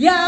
Yeah.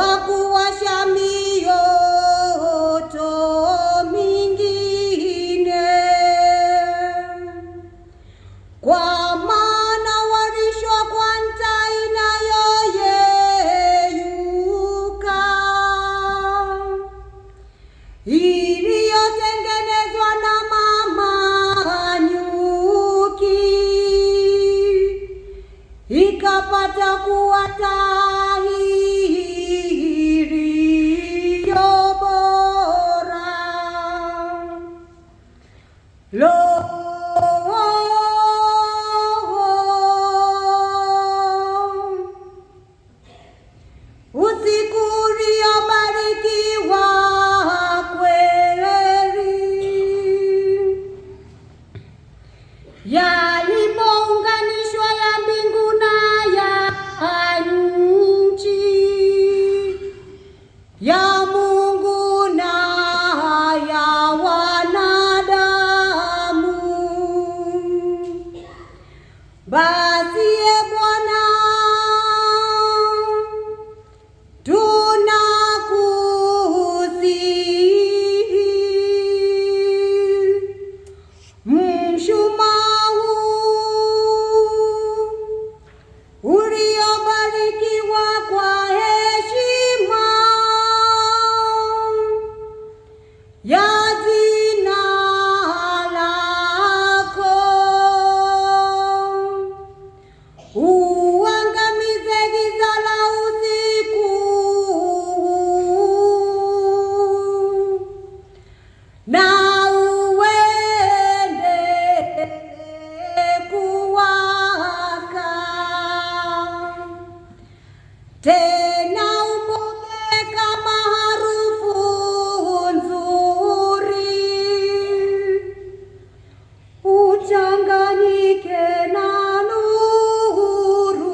Waku show tena upoke kama harufu nzuri, uchanganyike na nuru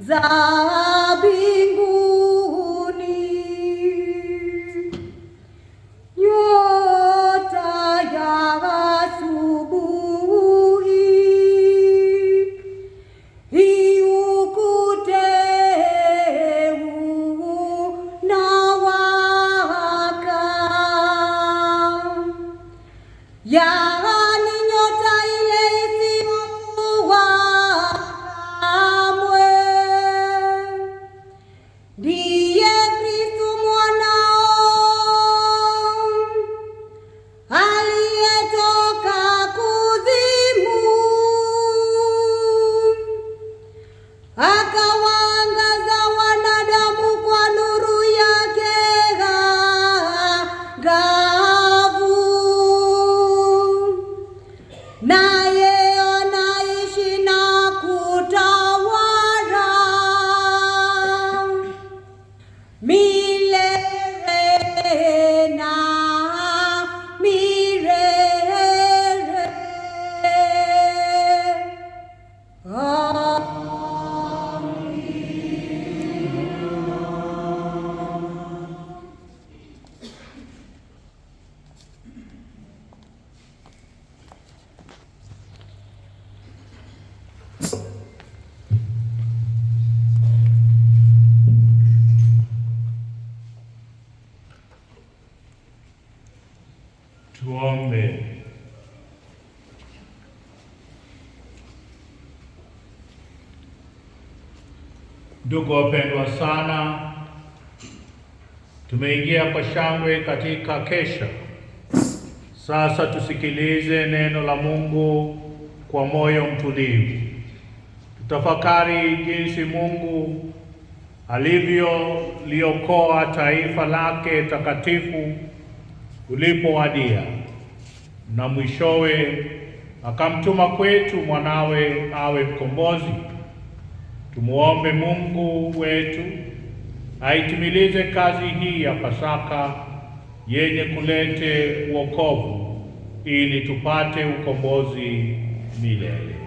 za Ndugu wapendwa sana, tumeingia kwa shangwe katika kesha. Sasa tusikilize neno la Mungu kwa moyo mtulivu, tutafakari jinsi Mungu alivyoliokoa taifa lake takatifu ulipowadia, na mwishowe akamtuma kwetu mwanawe awe mkombozi Tumwombe Mungu wetu aitimilize kazi hii ya Pasaka yenye kulete uokovu ili tupate ukombozi milele.